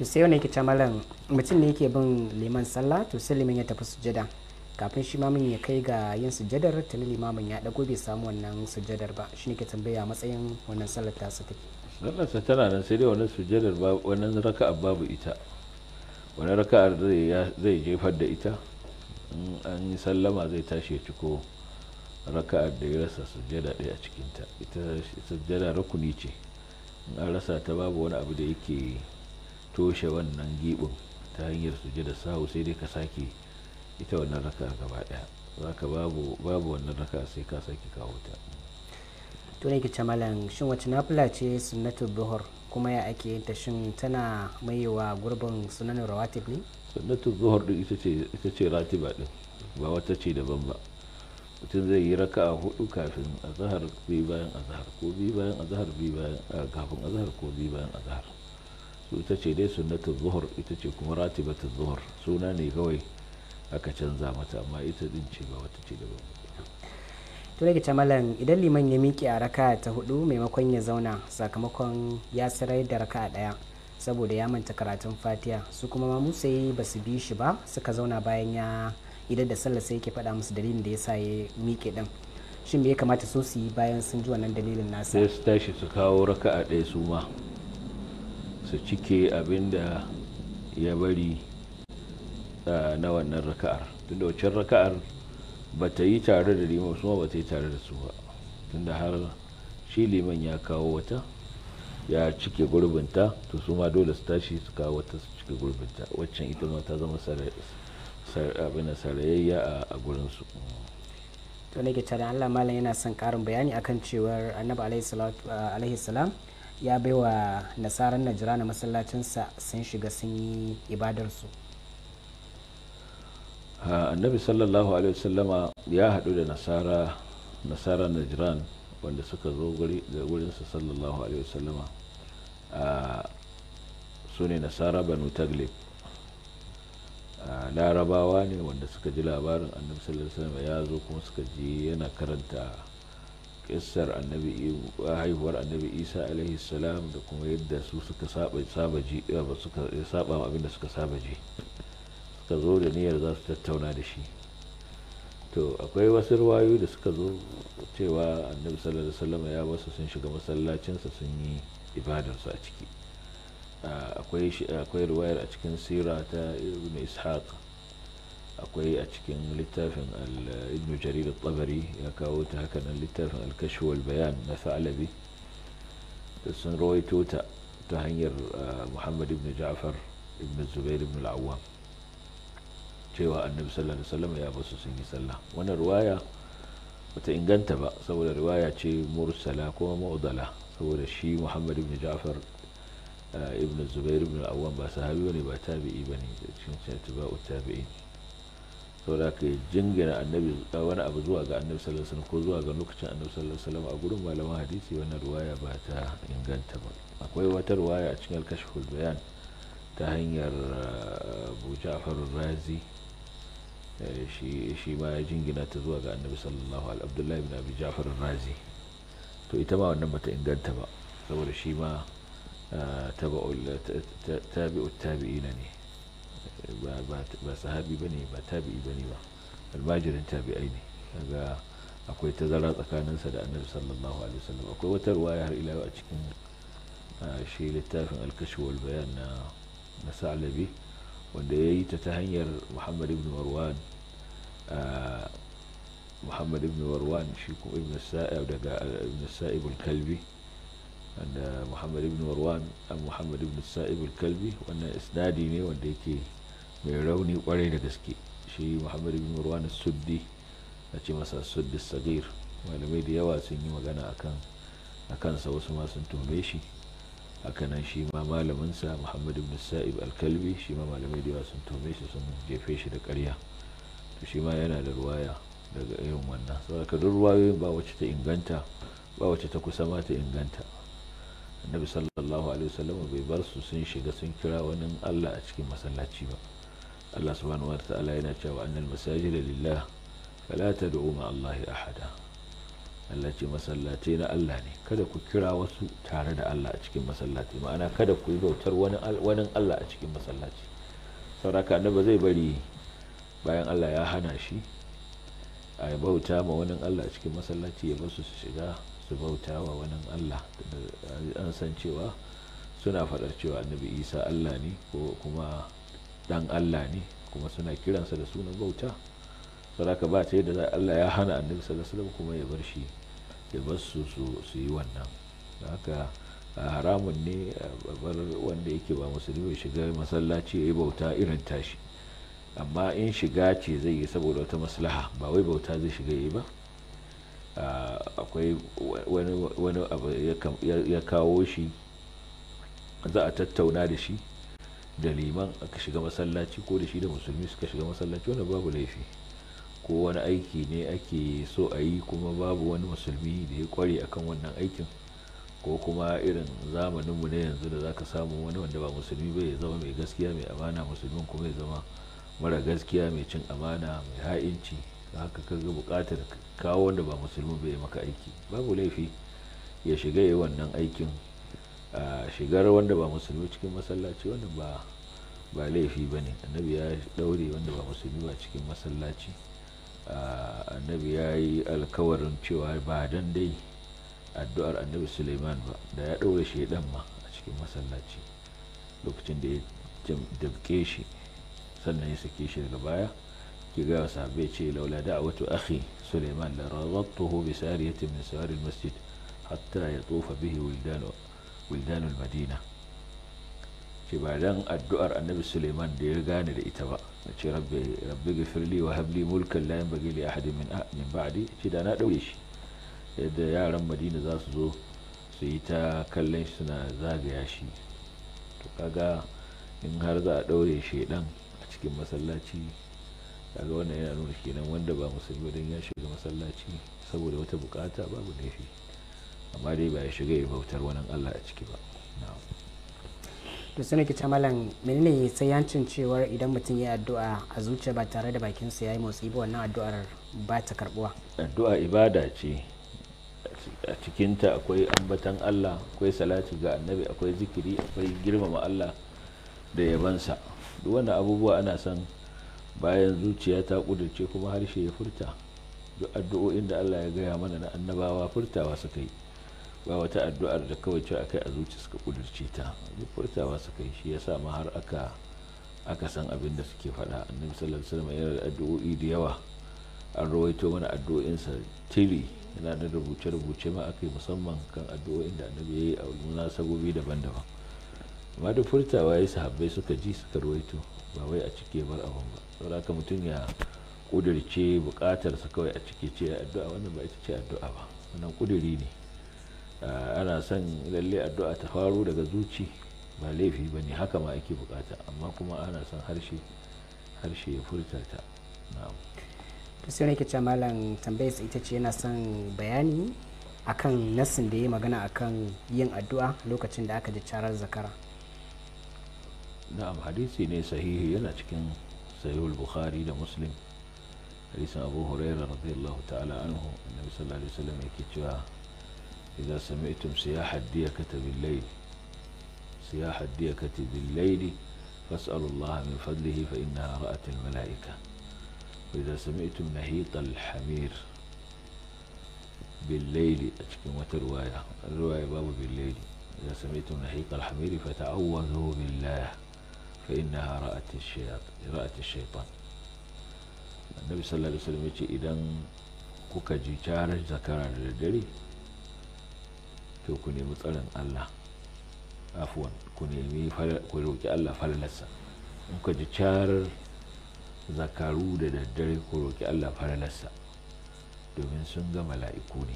to sai wani yake ce malam mutum ne yake bin liman sallah to sai liman ya tafi sujada kafin shi mamin ya kai ga yin sujadar ta tuni limamin ya dago bai samu wannan sujadar ba shi ne ke tambaya matsayin wannan sallar ta su take sallar sa tana nan sai dai wannan sujadar ba wannan raka'a babu ita wannan raka'ar zai jefar da ita in an yi sallama zai tashi ya ciko raka'ar da ya rasa sujada ɗaya a cikinta ita sujada rukuni ce in an rasa ta babu wani abu da yake toshe wannan gibin ta hanyar da sahu sai dai ka sake ita wannan raka gaba daya za ka babu wannan raka sai ka sake kawo ta to ne kice malam shin wace nafila ce sunnatu zuhur kuma ya ake yin ta shin tana maiwa gurbin sunanin rawatib ne sunnatu zuhur din ita ce ita ce ratiba din ba wata ce daban ba mutum zai yi raka a hudu kafin azhar bi bayan zahar ko bi bayan azhar bi bayan kafin zahar ko bi bayan zahar. to ita ce dai sunnatul zuhur ita ce kuma ratibatul zuhur suna ne kawai aka canza mata amma ita din ce ba wata ce daban to daga tamalan idan liman ya miƙe a raka ta hudu maimakon ya zauna sakamakon ya sarai da raka daya saboda ya manta karatun fatiya su kuma musa yi ba su bi shi ba suka zauna bayan ya idan da sallah sai yake faɗa musu dalilin da ya sa ya miƙe ɗin shin me ya kamata su su yi bayan sun ji wannan dalilin nasa sai su tashi su kawo raka'a ɗaya su ma su cike abin da ya bari na wannan raka'ar tunda waccan raka'ar ba ta yi tare da liman su ba ta yi tare da su ba tunda har shi liman ya kawo wata ya cike gurbinta to su ma dole su tashi su kawo wata su cike gurbinta waccan ita ma ta zama abin sarayayya a gurinsu to ne ke tare Allah malam yana son karin bayani akan cewar annabi alaihi salam ya baiwa nasarar najira na masallacinsa sun shiga sun yi ibadarsu ah, annabi sallallahu alaihi wasallama ya haɗu da nasara nasara najiran wanda suka zo ga wurinsa sallallahu alaihi wasallama ah, su ne nasara banu taglib ah, larabawa ne wanda suka ji labarin annabi sallallahu alaihi wasallama ya zo kuma suka ji yana karanta kissar annabi haihuwar annabi isa alaihi salam da kuma yadda su suka saba ji eh, ba suka saba abin da suka saba ji suka zo da niyyar za su tattauna da shi to akwai wasu ruwayoyi da suka zo cewa annabi sallallahu alaihi ya wasu sun shiga masallacinsa sun yi ibadarsu a ciki ah, akwai ruwayar a cikin sira ta ibn ishaq أقوي أتشكين لتافن ابن جرير الطبري يا كاوتا هكنا لتافن الكشف والبيان نفعل به تسن روي توتا تهنير آه، محمد ابن جعفر ابن الزبير ابن العوام جوا النبي صلى الله عليه وسلم يا أبو سوسين صلى وانا رواية وتإنجنت بقى سوى رواية شي مرسلة كوما مؤضلة سوى الشي محمد ابن جعفر آه، ابن الزبير ابن العوام بس هابي بني بتابعي بني شنو التابعين saboda ka yi jingina annabi wani abu zuwa ga annabi sallallahu alaihi ko zuwa ga lokacin annabi sallallahu alaihi a gurin malaman hadisi wannan ruwaya ba ta inganta ba akwai wata ruwaya a cikin alkashful bayan ta hanyar eh, abu ja'far razi eh, shi ma ya jingina ta zuwa ga annabi sallallahu alaihi abdullahi bin abi ja'far razi to ita ma wannan bata inganta ba saboda shi ma eh, tabi'ut tabi'ina ne ba sahabi ba ne ba tabi'i ba ne ba almajirin tabi'ai ne kaga akwai tazara tsakaninsa da annabi sallallahu alaihi wasallam akwai wata ruwaya har ila a cikin shi littafin alkashi wal bayan na na sa'alabi wanda ya yi ta ta hanyar muhammad ibn warwan muhammad ibn warwan shi kuma ibn sa'ib daga ibn sa'ib al-kalbi wanda muhammad ibn warwan an muhammad ibn sa'ib al-kalbi wannan isnadi ne wanda yake mai rauni kwarai da gaske shi muhammad bin ruwan suddi a ce masa suddi sagir malamai da yawa sun yi magana a kansa wasu ma sun tume shi hakanan shi ma malaminsa muhammadu muhammad bin sa'ib alkalbi shi ma malamai da yawa sun tume shi sun jefe shi da karya to shi ma yana da ruwaya daga irin wannan saboda duk ruwayoyin ba wacce ta inganta ba wacce ta kusa ma ta inganta annabi sallallahu alaihi wasallam bai bar su sun shiga sun kira wani allah a cikin masallaci ba Allah subhanahu wa ta'ala yana cewa annal masajid lillah fala tad'u ma Allah ahada Allah ce masallaci na Allah ne kada ku kira wasu tare da Allah a cikin masallaci ma'ana kada ku yi bautar wani Allah a cikin masallaci sauraka ba zai bari bayan Allah ya hana shi a yi bauta ma wani Allah a cikin masallaci ya basu su shiga su bauta wa wani Allah an san cewa suna faɗar cewa annabi isa Allah ne ko kuma dan Allah ne kuma suna kiransa da sunan bauta saraka ba ta yadda Allah ya hana annabi sallallahu alaihi wasallam kuma ya bar shi ya bar su su yi wannan haka haramun ne bar wanda yake ba musulmi shiga masallaci ya yi bauta irin tashi amma in shiga ce zai yi saboda wata maslaha ba wai bauta zai shiga yi ba akwai wani abu ya kawo shi za a tattauna da shi da liman aka shiga masallaci ko da shi da musulmi suka shiga masallaci wani babu laifi ko wani aiki ne ake so a yi kuma babu wani musulmi da ya kware akan wannan aikin ko kuma irin zamaninmu na yanzu da zaka samu wani wanda ba musulmi ba ya zama mai gaskiya mai amana musulmin kuma ya zama mara gaskiya mai cin amana mai ha'inci haka ka ga buƙatar kawo wanda ba musulmi bai maka aiki babu laifi ya shiga yi wannan aikin shigar wanda ba musulmi cikin masallaci wanda ba ba laifi ba ne annabi ya daure wanda ba musulmi ba cikin masallaci annabi ya yi alkawarin cewa ba dan dai addu'ar annabi suleiman ba da ya daure shi dan ma a cikin masallaci lokacin da ya dabke shi sannan ya sake shi daga baya ki ga sahabbai ce laula da da'watu akhi suleiman la radattuhu bi sariyatin min sawari masjid hatta yatufa bihi wildan wildanul madina ke ba dan addu'ar annabi suleiman da ya gane da ita ba na ce rabbi gafirli wa habli mulkan la yanbaghi li ahadin min min ba'di ce da na daure shi yadda yaran madina za su zo su yi ta kallon shi suna zagaya shi to kaga in har za a daure shedan a cikin masallaci kaga wannan yana nuna kenan wanda ba musulmi don ya shiga masallaci saboda wata bukata babu laifi amma dai ba ya shiga ya bautar wani allah a ciki ba to suna kice malam menene sai yancin cewar idan mutum ya addu'a a zuciya ba tare da su ya yi motsi ba wannan addu'ar ba ta karbuwa addu'a ibada ce a cikinta akwai ambatan allah akwai salati ga annabi akwai zikiri akwai girmama allah da yabansa duk wannan abubuwa ana san bayan zuciya ta kudurce kuma harshe ya furta duk addu'o'in da allah ya gaya mana na annabawa furtawa suka yi ba wata addu'ar da kawai cewa akai a zuci suka kudurce ta furtawa suka yi shi yasa ma har aka aka san abin da suke faɗa annabi sallallahu alaihi wasallam yana da addu'o'i da yawa an rawaito mana addu'o'insa tili yana da rubuce-rubuce ma aka yi musamman kan addu'o'in da annabi ya yi a munasabobi daban-daban amma da furtawa ya sahabbai suka ji suka rawaito ba wai a cike bar abin ba saboda haka mutum ya kudirce bukatarsa kawai a cike ce addu'a wannan ba ita ce addu'a ba wannan kuduri ne Ah, ana son lalle addu'a ta faru daga zuci ba laifi ba ne haka ma ake bukata amma kuma ana son harshe harshe ya furta ta na'am sai nake cewa malam tambayar ita ce yana son bayani akan nassin da ya magana akan yin addu'a lokacin da aka ji carar zakara na'am hadisi ne sahihi yana cikin sahihul bukhari da muslim hadisin abu hurairah radiyallahu ta'ala anhu annabi sallallahu alaihi wasallam yake cewa إذا سمعتم سياح الديكة بالليل سياح الديكة بالليل فاسألوا الله من فضله فإنها رأت الملائكة وإذا سمعتم نهيط الحمير بالليل أتكم وترواية الرواية باب بالليل إذا سمعتم نهيط الحمير فتعوذوا بالله فإنها رأت الشياطين رأت الشيطان النبي صلى الله عليه وسلم يقول إذا كوكا جي تارج ذكر to ku nemi tsarin Allah afuwan ku nemi ku roƙi Allah falalarsa in ka ji carar zakaru da daddare ku roƙi Allah falalarsa domin sun ga mala'iku ne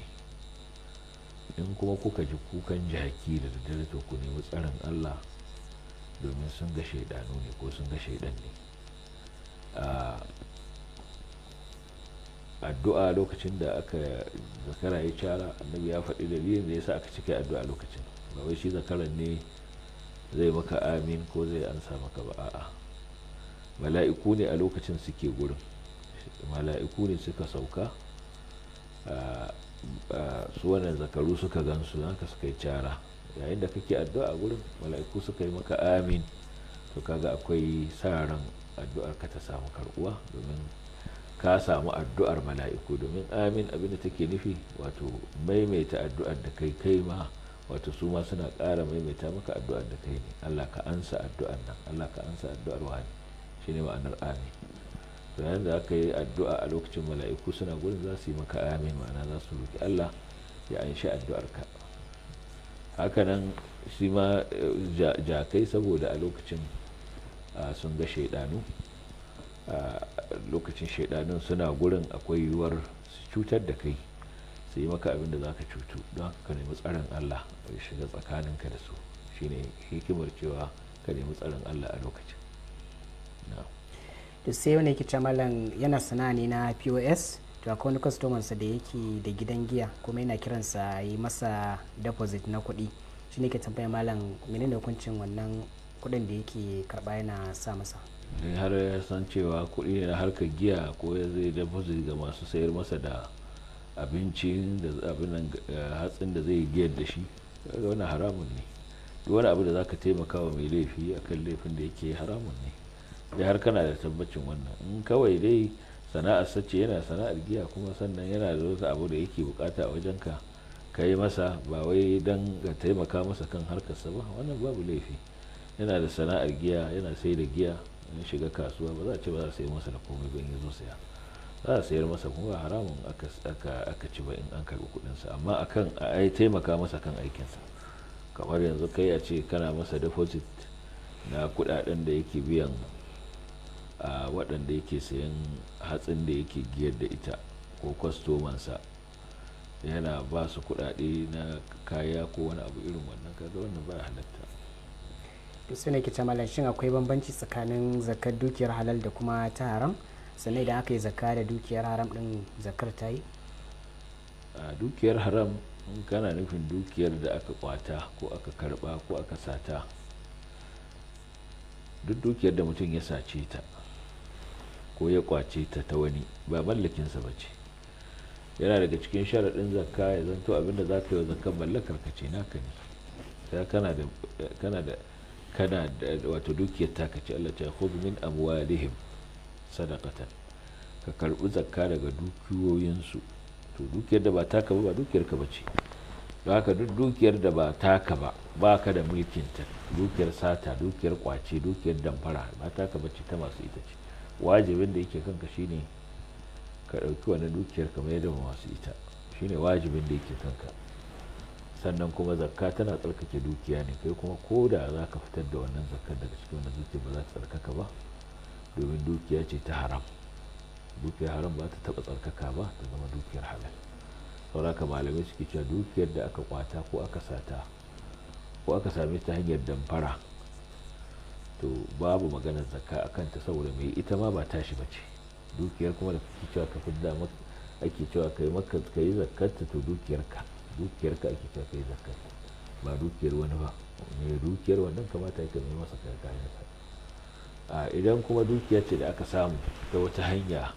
in kuma kuka ji kukan jaki da daddare to ku nemi tsarin Allah domin sun ga shaidanu ne ko sun ga shaidan ne ah, addu'a lokacin da aka zakara ya cara annabi ya faɗi dalilin da ya sa aka cika addu'a lokacin ba wai shi zakaran ne zai maka amin ko zai ansa maka ba a'a mala'iku ne a lokacin suke gurin mala'iku ne suka sauka su wannan zakaru suka gansu haka suka yi cara yayin da kake addu'a gurin mala'iku suka yi maka amin to kaga akwai sa ran addu'ar ka ta samu karbuwa domin ka samu addu'ar mala'iku domin amin abin da take nufi wato maimaita addu'ar da kai kai ma wato su ma suna kara maimaita maka addu'ar da kai ne Allah ka ansa addu'ar nan Allah ka ansa addu'ar wani shine ma'anar amin to yayin da aka yi addu'a a lokacin mala'iku suna gurin za su yi maka amin ma'ana za su roki Allah ya anshi addu'ar ka hakanan shi ma eh, jakai saboda a lokacin ah, sun ga shaidanu lokacin shaidanin suna gurin akwai yiwuwar su cutar da kai su yi maka abin da za ka cutu don haka ka nemi tsarin allah ya shiga ka da su shine hikimar cewa ka nemi tsarin allah a lokacin to sai wani yake malam yana sana'a ne na pos to akwai wani kwastomansa da yake da gidan giya kuma yana kiransa yi masa deposit na kuɗi shi ne ke tambaya malam menene hukuncin wannan kuɗin da yake karba yana sa masa in har ya san cewa kuɗi ne na harkar giya ko ya zai deposit ga masu sayar masa da abinci da abin eh, hatsin da zai giyar da shi ga wani haramun ne duk wani abu da zaka taimakawa taimaka wa mai laifi akan laifin da yake haramun ne da har kana da tabbacin wannan in kawai dai sana'ar sace yana sana'ar giya kuma sannan yana da wasu abu da yake bukata a wajenka ka yi masa ba wai don ka taimaka masa kan harkarsa ba wannan babu laifi yana da sana'ar giya yana sai da giya ya shiga kasuwa ba za a ce ba za a sayar masa da komai ba in ya zo saya za a sayar masa kuma haramun aka ci ba in an karɓi kuɗinsa amma akan a taimaka masa kan aikinsa kamar yanzu kai a ce kana masa deposit na kuɗaɗen da yake biyan a waɗanda yake sayan hatsin da yake giyar da ita ko kwastomansa yana ba su kuɗaɗe na kaya ko wani abu irin wannan kaga wannan ba halatta su ne ke shin akwai bambanci tsakanin zakar dukiyar halal da kuma ta haram sannan idan aka yi zakka da dukiyar haram din zakar ta yi a dukiyar haram kana nufin dukiyar da aka kwata ko aka karba ko aka sata duk dukiyar da mutum ya sace ta ko ya kwace ta ta wani ba mallakinsa ba ce yana daga cikin sharaɗin zakka ya zanto abinda za ka yi wa zakkan mallakar ka ce naka ne kana da kana wato dukiyar ta ce Allah ta khudh min amwalihim sadaqatan ka karbi zakka daga dukiyoyinsu to dukiyar da ba taka ba ba dukiyar ka bace don haka duk dukiyar da ba taka ba ba ka da mulkin ta dukiyar sata dukiyar kwace dukiyar damfara ba taka bace ta masu ita ce wajibin da yake kanka shine ka ɗauki wani dukiyar kamar yadda masu ita shine wajibin da yake kanka sannan kuma zakka tana tsarkake dukiya ne kai kuma ko da za ka fitar da wannan zakkar daga cikin wannan dukiya ba za ta tsarkaka ba domin dukiya ce ta haram dukiyar haram ba ta taɓa tsarkaka ba ta zama dukiyar halal ka malamai suke cewa dukiyar da aka kwata ko aka sata ko aka same ta hanyar damfara to babu maganar zakka a kanta saboda mai ita ma ba tashi ba ce dukiyar kuma da kake cewa ka fidda ake cewa kai maka kai zakkarta to ka dukiyar ka ake kai zakka ba dukiyar wani ba ne dukiyar wannan kamata ya kame masa kayan sa a idan kuma dukiya ce da aka samu ta wata hanya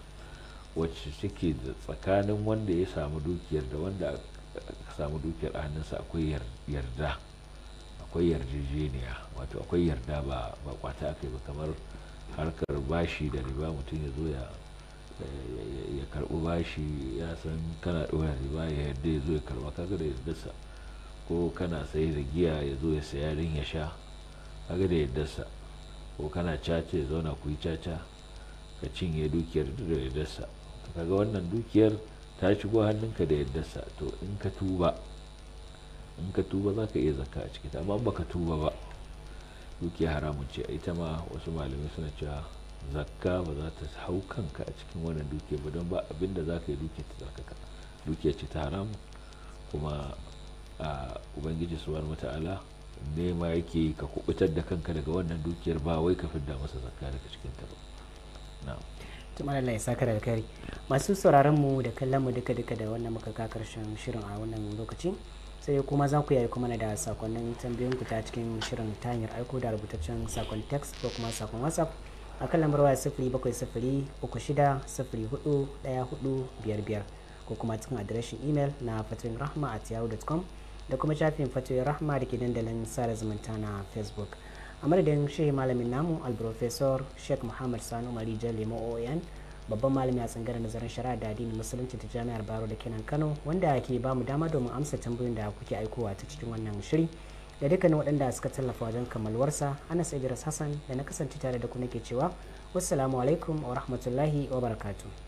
wacce suke tsakanin wanda ya samu dukiyar da wanda aka samu dukiyar a hannunsa akwai yarda akwai yarjejeniya wato akwai yarda ba kwata aka yi ba kamar harkar bashi da riba mutum ya zo ya ya karɓi bashi ya san kana ɗora riba ya yarda ya zo ya karɓa kaga da sa ko kana sayi da giya ya zo ya saya rin ya sha kaga da yardarsa ko kana caca ya zauna ku yi caca ka cinye dukiyar da sa kaga wannan dukiyar ta shigo hannunka da yardarsa to in ka tuba in ka tuba za ka iya zakka a ciki amma baka tuba ba dukiya haramun ce ita ma wasu malamai suna cewa zakka ba za ta hau kanka a cikin wannan duke ba don ba abin da za ka yi duke ta tsarkaka duke ce ta haramu kuma a ubangiji wani wata'ala nema yake ka kubutar da kanka daga wannan dukiyar ba wai ka fidda masa zakka daga cikin ta ba tumar Allah ya saka masu sauraron mu da kallon mu duka duka da wannan muka karshen shirin a wannan lokacin sai kuma za ku yayi kuma da sakonnin tambayoyin ku ta cikin shirin ta hanyar aiko da rubutaccen sakon text ko kuma sakon whatsapp a kan lambar waya sifiri bakwai sifiri uku shida sifiri hudu daya hudu biyar biyar ko kuma cikin adireshin imel na fatoyin rahma at yahoo.com da kuma shafin fatoyin rahma da ke dandalin sada zumunta na facebook a madadin shehi malamin namu alprofesor sheikh muhammad sanu marijan lemo oyan babban malami a tsangaren nazarin shari'a da addinin musulunci ta jami'ar baro da kenan kano wanda ke ba mu dama domin amsa tambayoyin da kuke aikowa ta cikin wannan shiri da dukkanin waɗanda suka tallafa wajen kammalwarsa anas idris hassan da na kasance tare da ku nake cewa wassalamu alaikum wa rahmatullahi wa barakatuh